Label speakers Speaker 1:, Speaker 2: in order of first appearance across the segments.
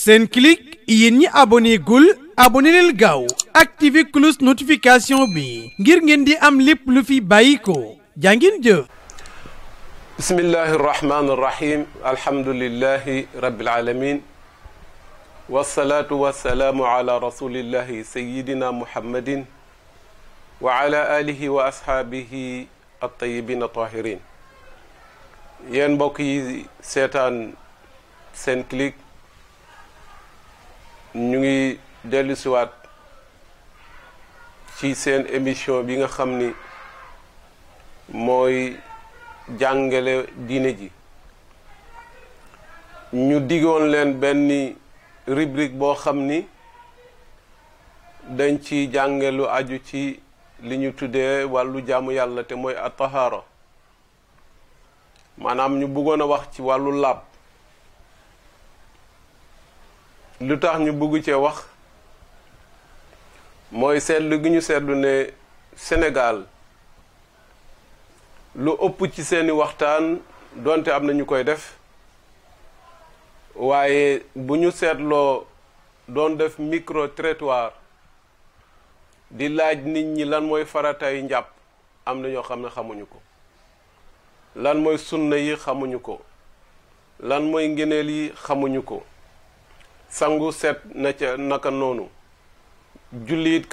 Speaker 1: Senclic yéen ñi abonné gul abonné leen gaaw activé cloche notification bi ngir ngeen di am lépp lu fi bàyyi ko jàngin jëf bismillahi rahmaani rahim alhamdulillahi rabbil alamin wasalaatu wasalaamu ala rasulillahi sayidina muhammadin wa ala alihi wa ashaabihi attayibina tahirin yéen mbokk yi seetaan Senclic ñu ngi dellusiwaat ci seen émission bi nga xam ni mooy jàngale diine ji ñu digoon leen benn rubrique boo xam ni dañ ci jàngalu lu aju ci li ñu tuddee wàllu jàmm yàlla te mooy at-tahaara maanaam ñu bëggoon a wax ci wàllu làpp lu tax ñu bëgg cee wax mooy seetlu gi ñu seetlu ne Sénégal lu ëpp ci seeni waxtaan donte am na ñu koy def waaye bu ñu seetloo doon def micro trottoir di laaj nit ñi lan mooy faratay njàpp am na ñoo xam ne xamuñu ko lan mooy sunna yi xamuñu ko lan mooy ngëneel yi xamuñu ko sangu seet na ca naka noonu julli it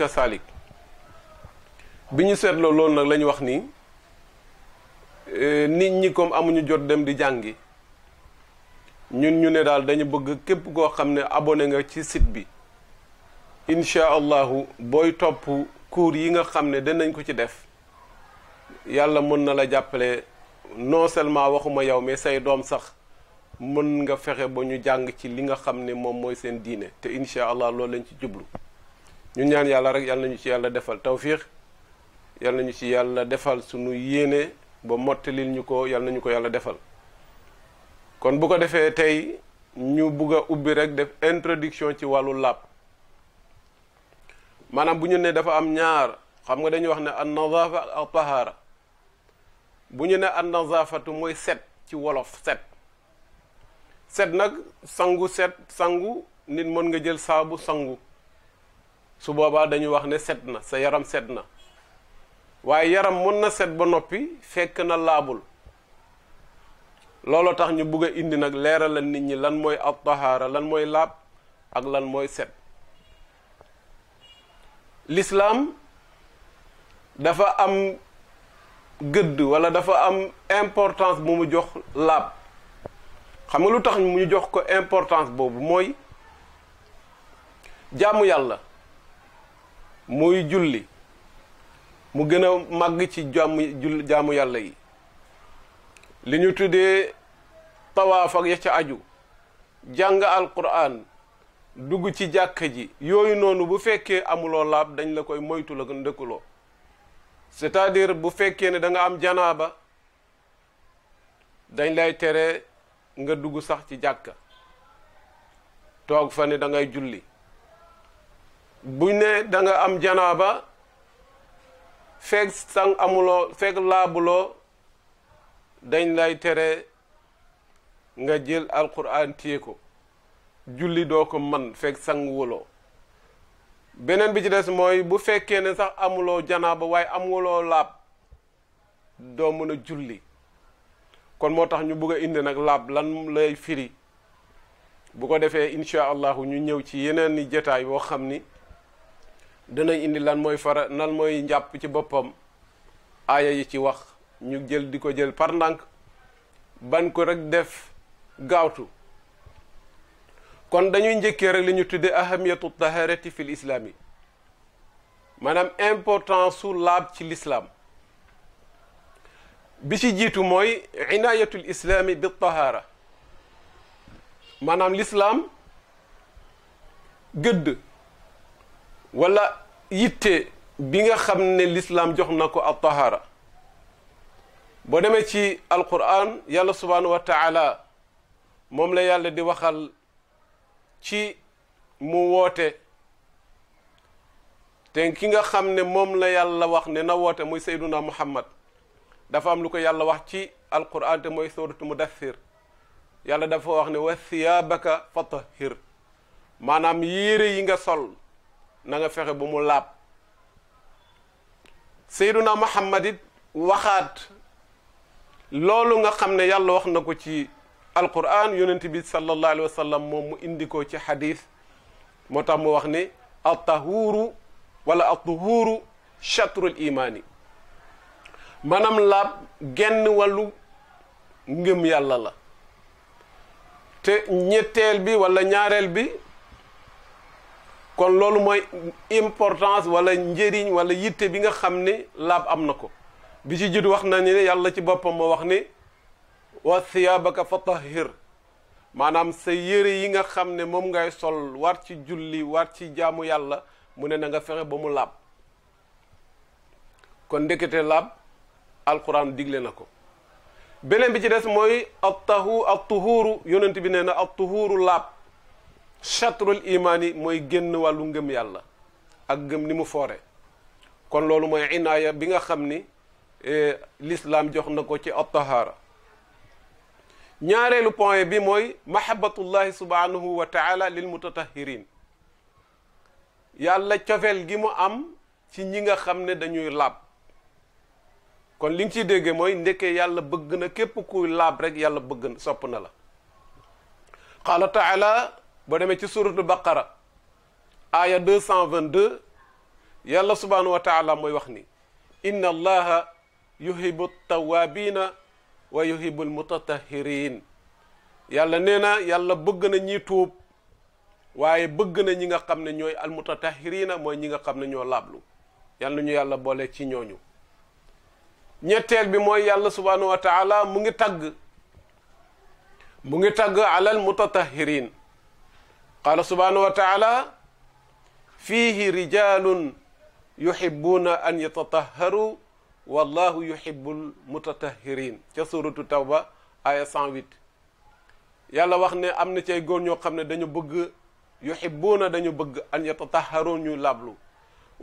Speaker 1: bi ñu seetloo loolu nag la ñu wax nii e, nit ñi comme amuñu jot dem di jàngi ñun ñu ne daal dañu bëgg képp koo xam ne abonné nga ci sit bi incha allahu booy topp cours yi nga xam ne danañ ko ci def yàlla mën na la jàppale non seulement waxuma yow mais say doom sax mën nga fexe ba ñu jàng ci li nga xam ne moom mooy seen diine te incha allah loolu lañ ci jublu ñu ñaan yàlla rek yàlla nañu ci yàlla defal tawfiix yàlla nañu ci yàlla defal sunu yéenee ba mottalil ñu ko yàlla nañu ko yàlla defal kon bu ko defee tey ñu bugg a ubbi rek def introduction ci wàllu làpp maanaam bu ñu nee dafa am ñaar xam nga dañuy wax ne an nazafa ak tahaara bu ñu ne an nazafatu mooy set ci wolof set set nag sangu set sangu nit mën nga jël saabu sangu su boobaa dañu wax ne set na sa yaram set na waaye yaram mën na set ba noppi fekk na laabul looloo tax ñu bugg indi nag leeral la nit ñi lan mooy ab tahaara lan mooy laab ak lan mooy set l'islaam dafa am gëdd walla dafa am importance bu mu jox laab xam nga lu tax ñu jox ko importance boobu mooy jàmm yàlla muy julli mu gën a màgg ci jàmm jull jàmm yàlla yi li ñu tuddee tawaaf ak ya ca aju jàng alquran dugg ci jàkka ji yooyu noonu bu fekkee amuloo laab dañ la koy moytu la ndëkkuloo c'est-à-dire bu fekkee ne danga am am ba dañ lay tere nga dugg sax ci jàkka toog fa ni dangay julli bu ne danga am janaaba feeg sang amuloo feeg laabuloo dañ lay tere nga jël alquran téye ko julli doo ko man fekk sang wuloo beneen bi ci des mooy bu fekkee ne sax amuloo janaaba waaye amuloo laab doo mën a julli kon moo tax ñu bëgg a indi nag laab lan lay firi bu ko defee incha allahu ñu ñëw ci yeneen i jataay boo xam ni dinañ indi lan mooy fara lan mooy njàpp ci boppam aaya yi ci wax ñu jël di ko jël par ndànk ban ko rek def gaawtu kon dañuy njëkkee rek li ñu tuddee ahamiyatu taharati fi l islaam maanaam importance su laab ci lislaam bi ci jiitu mooy inaayatul islaami bi tahaara maanaam l'islaam gëdd wala yitte bi nga xam ne l'islaam jox na ko al tahaara boo demee ci alquran yàlla subhaanahu wa taala moom la yàlla di waxal ci mu woote te ki nga xam ne moom la yàlla wax ne na woote muy sayduna muhammad dafa am lu ko yàlla wax ci alquran te mooy sóoratu mudassir yàlla dafa wax ne wa siyaabaka fatahir maanaam yére yi nga sol na nga fexe bu mu laab seyduna muhammad it waxaat loolu nga xam ne yàlla wax na ko ci alquran yonent bi sallallahu alayhi wa moom mu indi ko ci xadis moo tax mu wax ni attahuuru wala attuhuuru chatrul imaani maanaam laab genn wàllu ngëm yàlla la te ñetteel bi walla ñaareel bi kon loolu mooy importance walla njëriñ walla yitte bi nga xam ne laab am na ko bi ci jiitu wax na ni yàlla ci boppam moo wax ni wa thiyaabaka fatahhir maanaam sa yére yi nga xam ne moom ngay sol war ci julli war ci jaamu yàlla mu ne na nga fexe ba mu laab kon ndekete laab alquran digle na ko beneen bi ci des mooy ab tahu ab tuhuuru yonent bi nee na ab tuhuuru laab chatrul imaani mooy génn wàllu ngëm yàlla ak ngëm ni mu foore kon loolu mooy inaaya bi nga xam ni eh, l'islam jox na ko ci ab tahaara ñaareelu point bi mooy mahabatullahi subhanahu wa taala lil mutatahirin yàlla cofeel gi mu am ci ñi nga xam ne dañuy laab kon li nga ciy déggee mooy ndekkee yàlla bëgg na képp ku laab rek yàlla bëgg na sopp na la qaala taala boo demee ci suratul baqara aaya 222 yàlla subhanahu wa taala mooy wax ni inna allaha yuhibu tawabina wa yuhibu almutatahirin yàlla nee na yàlla bëgg na ñi tuub waaye bëgg na ñi nga xam ne ñooy almutatahirina mooy ñi nga xam ne ñoo laablu yàlla ñu yàlla boole ci ñooñu ñetteel bi mooy yàlla subhaanahu wa taala mu ngi tagg mu ngi tagg alal mutatahirin qaala subhaanahu wa taala fiihi rijalun yuhibbuuna an yatatahharu ca suratu tawba aya 108 yàlla wax ne am na cay góor ñoo xam ne dañu bëgg yuhibbuuna dañu bëgg an yatatahharu lablu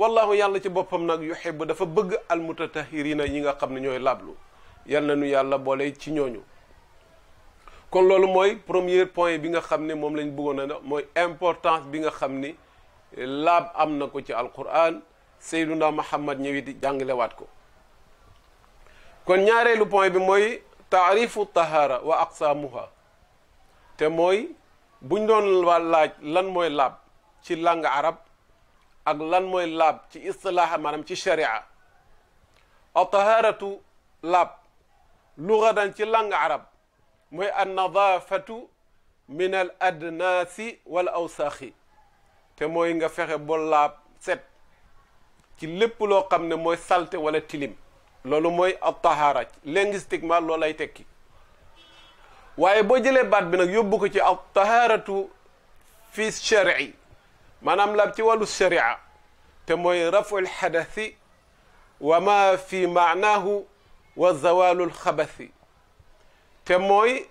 Speaker 1: wallahu yàlla ci boppam nag yuhibbu dafa bëgg almutatahirina yi nga xam ne ñooy lablu yal na nu yàlla boole ci ñooñu kon loolu mooy premier point bi nga xam ne moom lañ bëggoon a mooy importance bi nga xam ni laab am na ko ci alquran sayduna muhammad ñëwi di jàngalewaat ko kon ñaareelu point bi mooy taarifu tahaara wa aqsaamuha te mooy buñ doon laaj lan mooy laab ci langue arab ak lan mooy laab ci istilaaha maanaam ci sharia ataharatu laab lugadan ci lang arab mooy annadaafatu min al adnaasi wal awsaaxi te mooy nga fexe ba laab set ci lépp loo xam ne mooy salte wala tilim loolu mooy atahaara linguistiquement loolu lay tekki waaye boo jëlee baat bi nag yóbbu ko ci atahaaratu fi sharci maanaam laab ci wàllu sharia te mooy raful xadasi wa ma fi maanaahu wa zawalul xabasi te mooy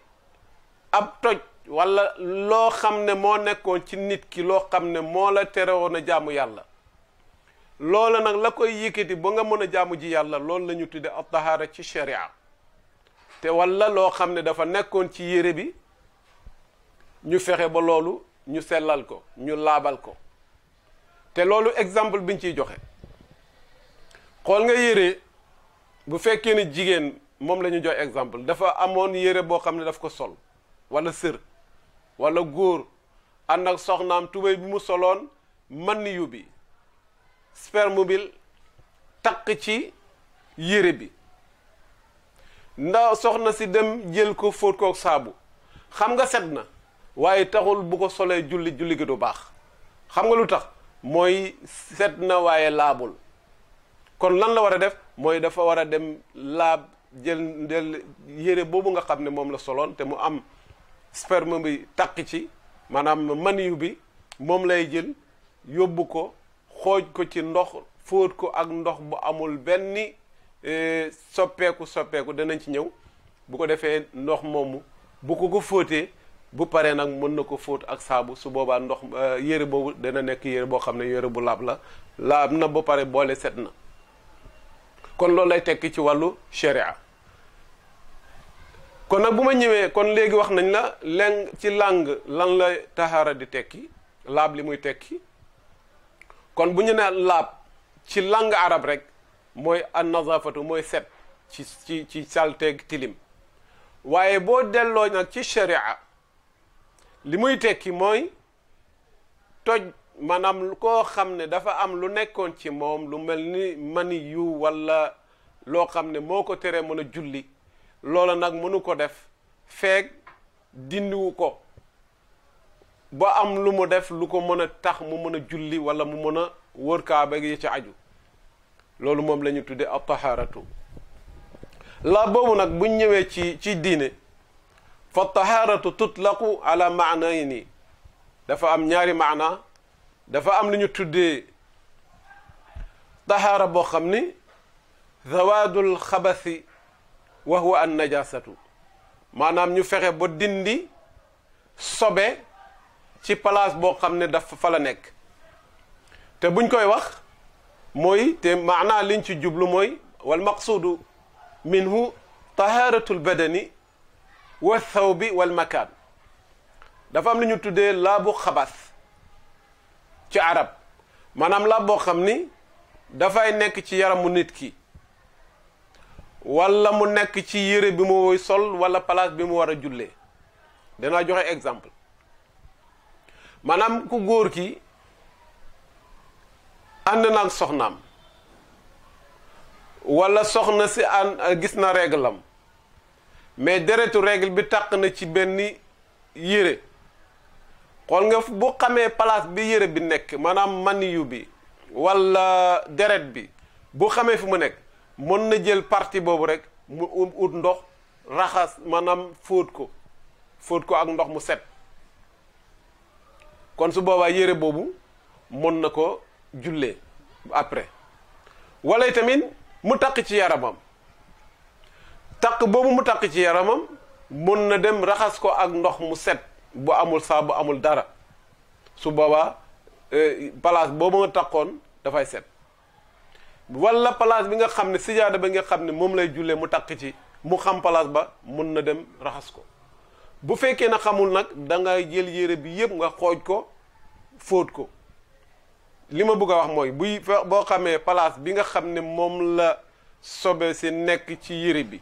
Speaker 1: ab toj wala loo xam ne moo nekkoon ci nit ki loo xam ne moo la terewoon a jaamu yàlla loola nag la koy yëkkati ba nga mën a jaamu ji yàlla loolu la ñu tudde ab tahaara ci sharia te walla loo xam ne dafa nekkoon ci yére bi ñu fexe ba loolu ñu sellal ko ñu laabal ko te loolu exemple biñ ciy joxe xool nga yére bu fekkee ne jigéen moom la ñu jox exemple dafa amoon yére boo xam ne daf ko sol wala sër wala góor ànd ak soxnaam tubéy bi mu soloon man ni yu bi spermobile taq ci yére bi ndax soxna si dem jël ko fóot kook saabu xam nga set na waaye taxul bu ko solee julli julli gi du baax xam nga lu tax mooy set na waaye laabul kon lan la war a def mooy dafa war a dem laab jël del yére boobu nga xam ne moom la soloon te mu am sperme bi takk ci maanaam maniyu bi moom lay jël yóbbu ko xooj ko ci ndox fóot ko ak ndox bu amul benn e, soppeeku soppeeku danañ ci ñëw bu ko defee ndox moomu bu ko ko fóotee bu paree nag mën na ko fóot ak saabu su boobaa ndox euh, yére boobu dana nekk yére boo xam ne yére bu laab la laab na ba pare boole set na kon loolu lay tekki ci wàllu sharia kon nag bu ma ñëwee kon léegi wax nañ la leng ci làng lan lay taxaara di tekki laab li muy tekki kon bu ñu ne laab ci làng arab rek mooy an mooy set ci ci ci salteeg tilim waaye boo delloo nag ci sharia li muy tekki mooy toj maanaam koo xam ne dafa am lu nekkoon ci moom lu mel ni mani yu wala loo xam ne moo ko teree mën a julli loolu nag mënu ko def feeg dindiwu ko ba am lu mu def lu ko mën a tax mu mën a julli wala mu mën a wër kaaba gi ci aju loolu moom la ñu tuddee at-taharatu la boobu nag buñ ñëwee ci ci diine fa tahaaratu tutlaqu yi maanayni dafa am ñaari maana dafa am lu ñu tuddee tahaara boo xam ni zawaadul xabasi wa huwa an najasatu maanaam ñu fexe ba dindi sobe ci place boo xam ne dafa fa nekk te buñ koy wax mooy te maanaa liñ ci jublu mooy wal maqsuudu minhu tahaaratul badani wa bi wal makaan dafa am lu ñu tuddee laabu xabas ci arab maanaam laab boo xam ni dafay nekk ci yaramu nit ki wala mu nekk ci yére bi mu sol wala place bi mu war a jullee danaa joxe exemple maanaam ku góor ki ànd naag soxnaam wala soxna si ànd gis na réglam mais deretu règle bi taq na ci benn yére xool nga bu xamee place bi yére bi nekk maanaam maniyu bi walla deret bi bu xamee fu mu nekk mën na jël partie boobu rek mu um- ut ndox raxas maanaam fóot ko fóot ko ak ndox mu set kon su boobaa yére boobu mën na ko julle après walla tamit mu takk ci yaramam takk boobu mu takk ci yaramam mun na dem raxas ko ak ndox mu set bu amul saabu amul dara su boobaa euh, place boobu nga takkoon dafay set wala place bi nga xam ne sijaada ba nga xam ne moom lay jullee mu takk ci mu xam ba mun na dem raxas ko bu fekkee na xamul nag da jël yére bi yëpp nga xooj ko fóot ko li ma bëgg a wax mooy buy boo xamee place bi nga xam ne moom la sobe si nekk ci yére bi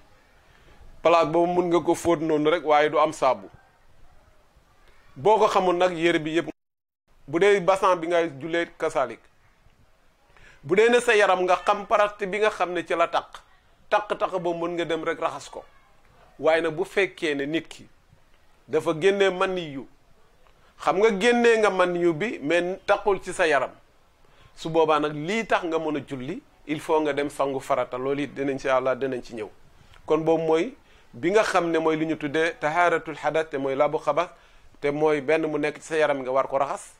Speaker 1: palaat boobu mun nga ko fóot noonu rek waaye du am saabu boo ko xamul nag yére bi yëpp bu dee bassan bi nga julee kasaalik bu dee ne sa yaram nga xam parate bi nga xam ne ci la taq taq-taq ba mën nga dem rek raxas ko waaye nag bu fekkee ne nit ki dafa génnee maniyu xam nga génnee nga maniyu bi mais taqul ci sa yaram su boobaa nag lii tax nga mën a julli il faut nga dem sangu farata loolu it dinañ ci àlla dinañ ci ñëw kon boobu mooy bi nga xam ne mooy li ñu tuddee taxaaratul xadas te mooy laabu xabas te mooy benn mu nekk sa yaram nga war ko raxas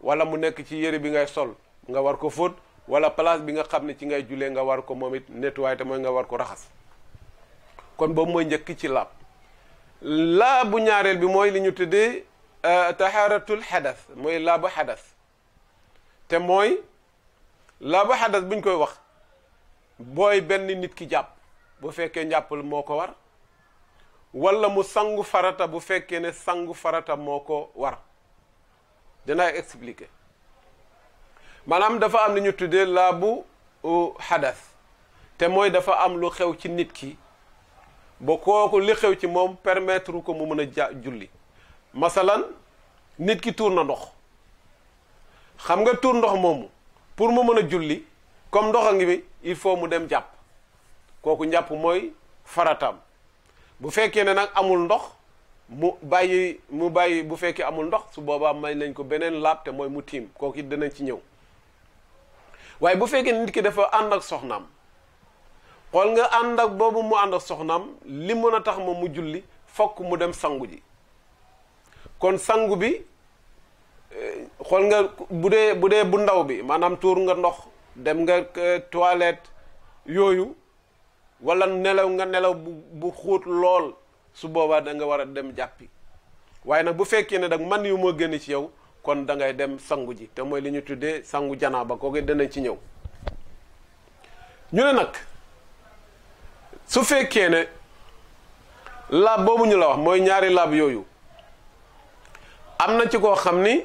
Speaker 1: wala mu nekk ci yére bi ngay sol nga war ko fóot wala place bi nga xam ne ci ngay julee nga war ko moom it nettoyer te mooy nga war ko raxas kon boobu mooy njëkk ci laab laabu ñaareel bi mooy li ñu tuddee euh, tahaaratul xadas mooy laabu te mooy laabu xadas buñ koy wax booy benn nit ki jàpp bu fekkee njàppal moo ko war wala mu sangu farata bu fekkee ne sangu farata moo ko war dinaa expliquer maanaam dafa am li ñu tuddee laabu xadas te mooy dafa am lu xew ci nit ki ba kooku li xew ci moom permettre ko mu mën a ja julli masalan nit ki tuur na ndox xam nga tuur ndox moomu pour mu mën a julli comme ndox a ngi il faut mu dem jàpp kooku njàpp mooy farataam bu fekkee ne nag amul ndox mu bàyyi mu bàyyi bu fekkee amul ndox su boobaa may nañ ko beneen laab te mooy mu tiim kooku it ci ñëw waaye bu fekkee nit ki dafa ànd ak soxnaam xool nga ànd ak boobu mu ànd ak soxnaam li mën a tax ma mu julli fokk mu dem sangu ji kon sangu bi eh, xool nga bu dee bu dee bu ndaw bi maanaam tuur nga ndox dem nga eh, toilette yooyu wala nelaw nga nelaw bu bu xóot lool su boobaa da nga war a dem jàppi waaye nag bu fekkee ne dag man yu moo gën ci yow kon da ngay dem sangu ji te mooy li ñu tuddee sangu janaaba kooku danañ ci ñëw ñu ne nag su fekkee ne laab boobu ñu la wax mooy ñaari laab yooyu am na ci koo xam ni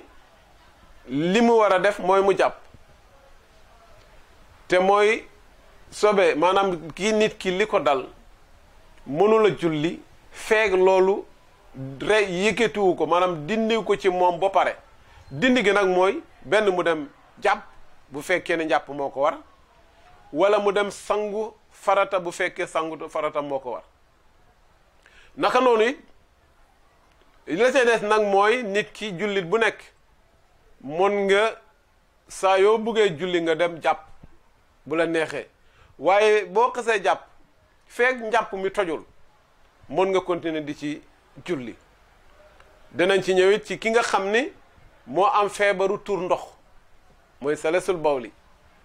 Speaker 1: li mu war a def mooy mu jàpp te mooy sobe maanaam kii nit ki li ko dal mënula julli feeg loolu re yëkkatiwu ko maanaam dindi ko ci moom ba pare dindi gi nag mooy benn mu dem jàpp bu fekkee ne njàpp ko war wala mu dem sangu farata bu fekkee sangu farata moo ko war naka noonu it la des nag mooy nit ki jullit bu nekk mën nga saa yoo buggee julli nga dem jàpp bu la neexee waaye boo xasee jàpp feek njàpp mi tojul mën nga continuer di ci julli dinañ ci ñëwit ci ki nga xam ni moo am feebaru tur ndox mooy salesul bawli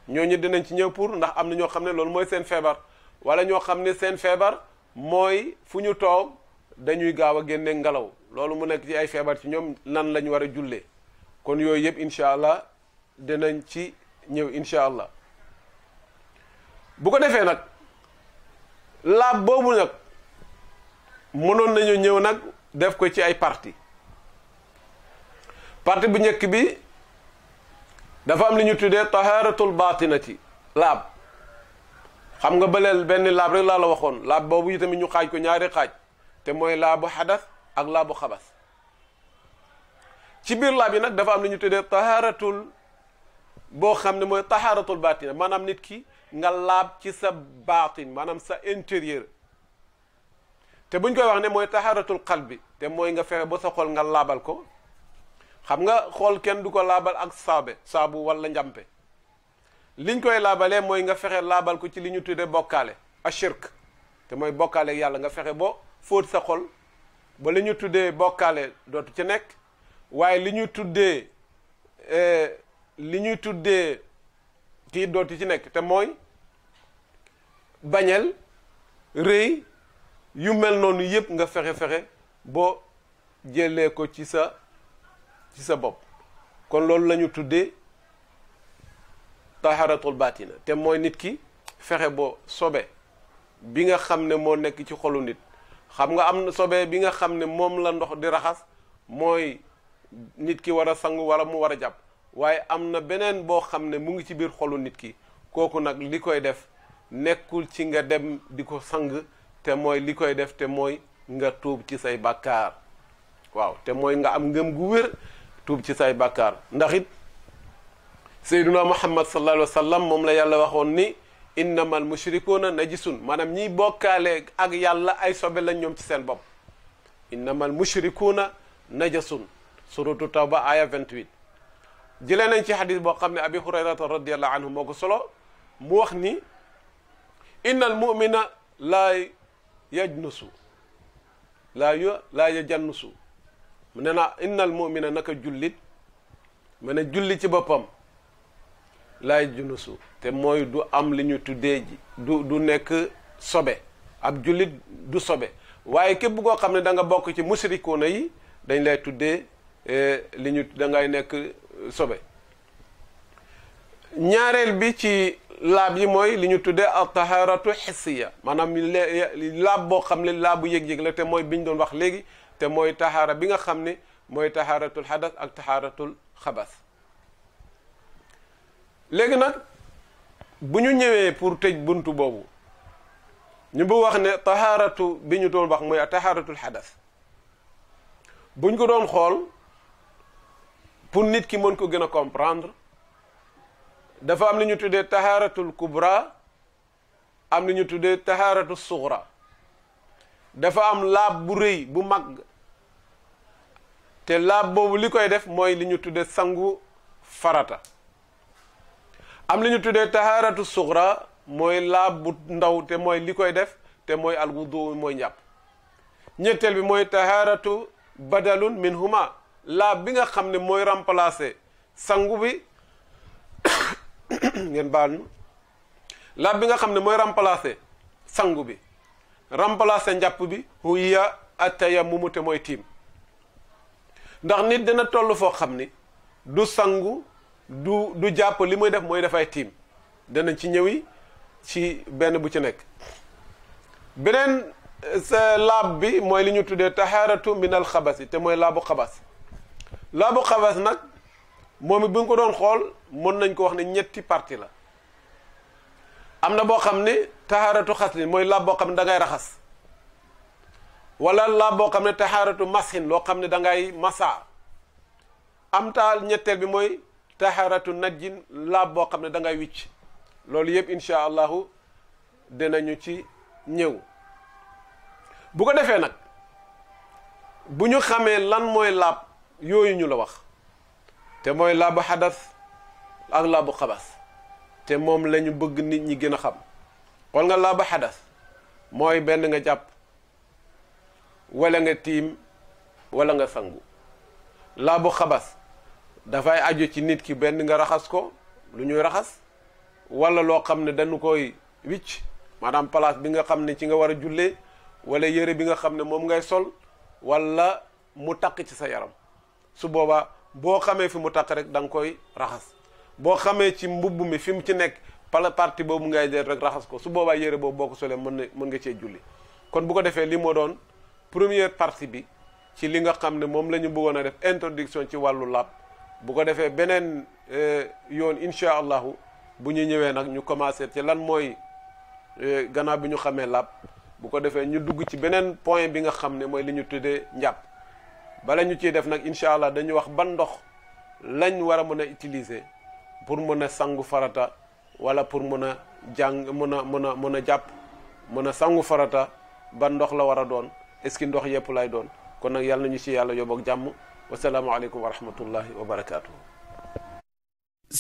Speaker 1: ñooñu dinañ ci ñëw pour ndax am na ñoo xam ne loolu mooy seen feebar wala ñoo xam ne seen feebar mooy fu ñu toog dañuy gaaw a génne ngelaw loolu mu nekk ci ay feebar ci ñoom nan lañ war a jullee kon yooyu yëpp incha allah dinañ ci ñëw incha allah bu ko defee nag laab boobu nag mënoon nañu ñëw nag def ko ci ay parti parti bu njëkk bi dafa am li ñu tuddee taharatul baatinati laab xam nga baleel benn laab rek laa la waxoon laab boobu yi tamit ñu xaaj ko ñaari xaaj te mooy laabu xadas ak laabu xabas ci biir laab yi nag dafa am li ñu tuddee taharatul boo xam ne mooy taharatul baatina maanaam nit ki nga laab ci sa baatin maanaam sa intérieur te buñ koy wax ne mooy taxaratul bi te mooy nga fexe ba sa xol nga laabal ko xam nga xool kenn du ko laabal ak saabe saabu wala njàmpe liñ koy laabalee mooy nga fexe laabal ko ci li ñu tuddee bokkaale ashirk te mooy bokkaale yàlla nga fexe boo fóot sa xol ba li ñu tuddee bokkaale dootu ci nekk waaye li ñu tuddee eh, li ñuy tuddee kii dootu ci nekk te mooy bañal rëy yu mel noonu yépp nga fexe-fexe boo jëlee ko ci sa ci sa bopp kon loolu la ñu tuddee taharatul baatina te mooy nit ki fexe boo sobe bi nga xam ne moo nekk ci xolu nit xam nga am na sobe bi nga xam ne moom la ndox di raxas mooy nit ki war a sangu wala mu war a jàpp waaye am na beneen boo xam ne mu ngi ci biir xolu nit ki kooku nag li koy def nekkul ci nga dem di ko sang te mooy li koy def te mooy nga tuub ci say bakkaar waaw te mooy nga am ngëm gu wér tuub ci say bakkaar ndax it sayduna muhammad sallallahu alayhi wa sallam moom la yàlla waxoon ni innamal mushrikuuna najisun maanaam ñiy bokkaale ak yàlla ay sobe lañ ñoom ci seen bopp innamal mushrikuuna najasun suratu tawba aya 28 jëlee nañ ci xadis boo xam ne abi hurayrata radiallahu anhu moo ko solo mu wax ni innal mu'mina laa yajnusu laa yo laa yajannusu mu ne naa innal mu'mina naka jullit mu ne julli ci boppam laa yajnusu te mooy du am li ñu tuddee ji du du nekk sobe ab jullit du sobe waaye képp koo xam ne danga bokk ci musrikuuna yi dañ lay tuddee eh, li ñu da nekk sobe ñaareel bi ci laab yi mooy li ñu tuddee al taharatu hissiya maanaam laab boo xam ne laabu yëg-yëg la te mooy bi ñu doon wax léegi te mooy taxaara bi nga xam ne mooy taxaaratul xadas ak taxaaratul xabas léegi nag bu ñu ñëwee pour tëj buntu boobu ñu wax ne taxaaratu bi ñu doon wax mooy taxaaratul xadas buñ ko doon xool pour nit ki mën ko gën a comprendre dafa am lu ñu tuddee tahaaratul kubra am lu ñu tuddee tahaaratu suxra dafa am laab bu rëy bu mag te laab boobu li koy def mooy li ñu tuddee sangu farata am li ñu tuddee tahaaratu suxra mooy laab bu ndaw te mooy li koy def te mooy alwudu mooy njàpp ñetteel bi mooy tahaaratu badalun min huma laab bi nga xam ne mooy remplacer sangu bi ngeen baal ñu laab bi nga xam ne mooy remplacer sangu bi remplacer njàpp bi huya mu te mooy tiim ndax nit dina toll foo xam ni du sangu du du jàpp li muy def mooy dafay tiim danañ ci ñëwi ci benn bu ci nekk beneen sa laab bi mooy li ñu tuddee taharatu min al xabasi te mooy laabu xabas laabu xabas nag moom it bu ñu ko doon xool mën nañ ko wax ne ñetti parti la am na boo xam ne taxaaratu xaslin mooy laab boo xam ne dangay raxas walla laab boo xam ne taxaaratu masxin loo xam ne da ngay masa am taal ñetteel bi mooy taxaaratu najjin laab boo xam ne da ngay wicc loolu yëpp incha allahu dinañu ci ñëw bu ko defee nag bu ñu xamee lan mooy laab yooyu ñu la wax te mooy laabu xadas ak laabu xabas te moom lañu bëgg nit ñi gën a xam xool nga laabu xadas mooy benn nga jàpp wala nga tiim wala nga sangu laabu xabas dafay aju ci nit ki benn nga raxas ko lu ñuy raxas wala loo xam ne dañu koy wicc maanaam place bi nga xam ne ci nga war a jullee wala yére bi nga xam ne moom ngay sol wala mu takk ci sa yaram su boobaa boo xamee fi mu takk rek da nga koy raxas boo xamee ci mbubb mi fi mu ci nekk pala parti boobu ngay jël rek raxas ko su boobaa yére boobu boo ko solee mën na mën nga cee julli kon bu ko defee li moo doon première partie bi ci li nga xam ne moom la ñu bëggoon a def introduction ci wàllu làpp bu ko defee beneen eh, yoon incha allahu bu ñu ñëwee nag ñu commencé ci lan mooy eh, gannaaw bi ñu xamee làpp bu ko defee ñu dugg ci beneen point bi nga xam ne mooy li ñu tuddee njàpp bala ñu ciy def nag incha allah dañu wax ban ndox lañ war a mën a utiliser pour mën a sangu farata wala pour mën a jàng mën a mën a mën a jàpp mën a sangu farata ban ndox la war a doon est-ce que ndox yëpp lay doon kon nag yàlla nañu ci yàlla yóbboog jàmm wasalaamualeykum wa rahmatullahi wa barakaatu.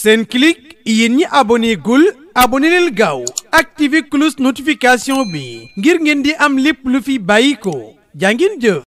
Speaker 1: seen clic yéen ñi abonné gul abonné leen gaaw activé cloche notification bi ngir ngeen di am lépp lu fi bàyyi ko jàngin jëf.